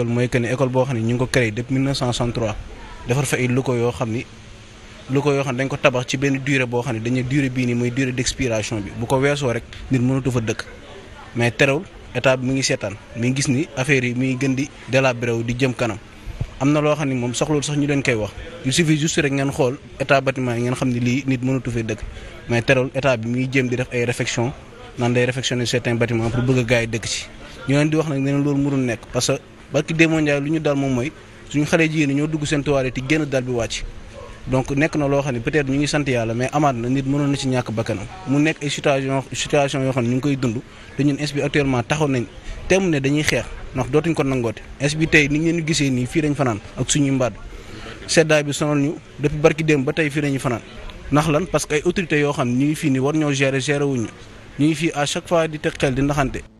école mooy que ne école boo xam ne ñu ngi ko créé depuis 1963 defar fa ay locaux yoo xam ni locaux yoo xam ne dañ ko tabax ci benn durée boo xam ne dañuy durée bii nii mooy durée d'expiration bi bu ko weesoo rek nit mënatu fa dëkk mais terewul état bi mi ngi seetaan mi ngi gis ni affaire yi mi ngi gën di délabré wu di jëm kanam am na loo xam ne moom soxlul sax ñu leen koy wax il suffit juste rek ngeen xool état bâtiment yi ngeen xam ne lii nit mënatu fee dëkk mais terewul état bi mi ngi jéem di def ay réfection naan day réfectionner barki démb Ndiaye lu ñu dal moom mooy suñu xale jigéen ñoo dugg seen toilette yi génn dal bi wàcc donc nekk na loo xam ne peut-être ñu ngi sant yàlla mais amaat na nit mënoon na ci ñàkk bakkanam mu nekk ay situation situation yoo xam ne ñu ngi koy dund te ñun SBI actuellement taxaw nañ teem ne dañuy xeex ndax dootuñ ko nangoote bi tey ni ngeen gisee nii fii lañ fanaan ak suñuy mbaad seddaay bi sonal ñu depuis barki dem ba tey fii lañuy fanaan ndax lan parce que ay autorités xam ne ñu ngi fii nii war ñoo gérer gérer wuñu ñu ngi fii à chaque fois di teg di ndaxante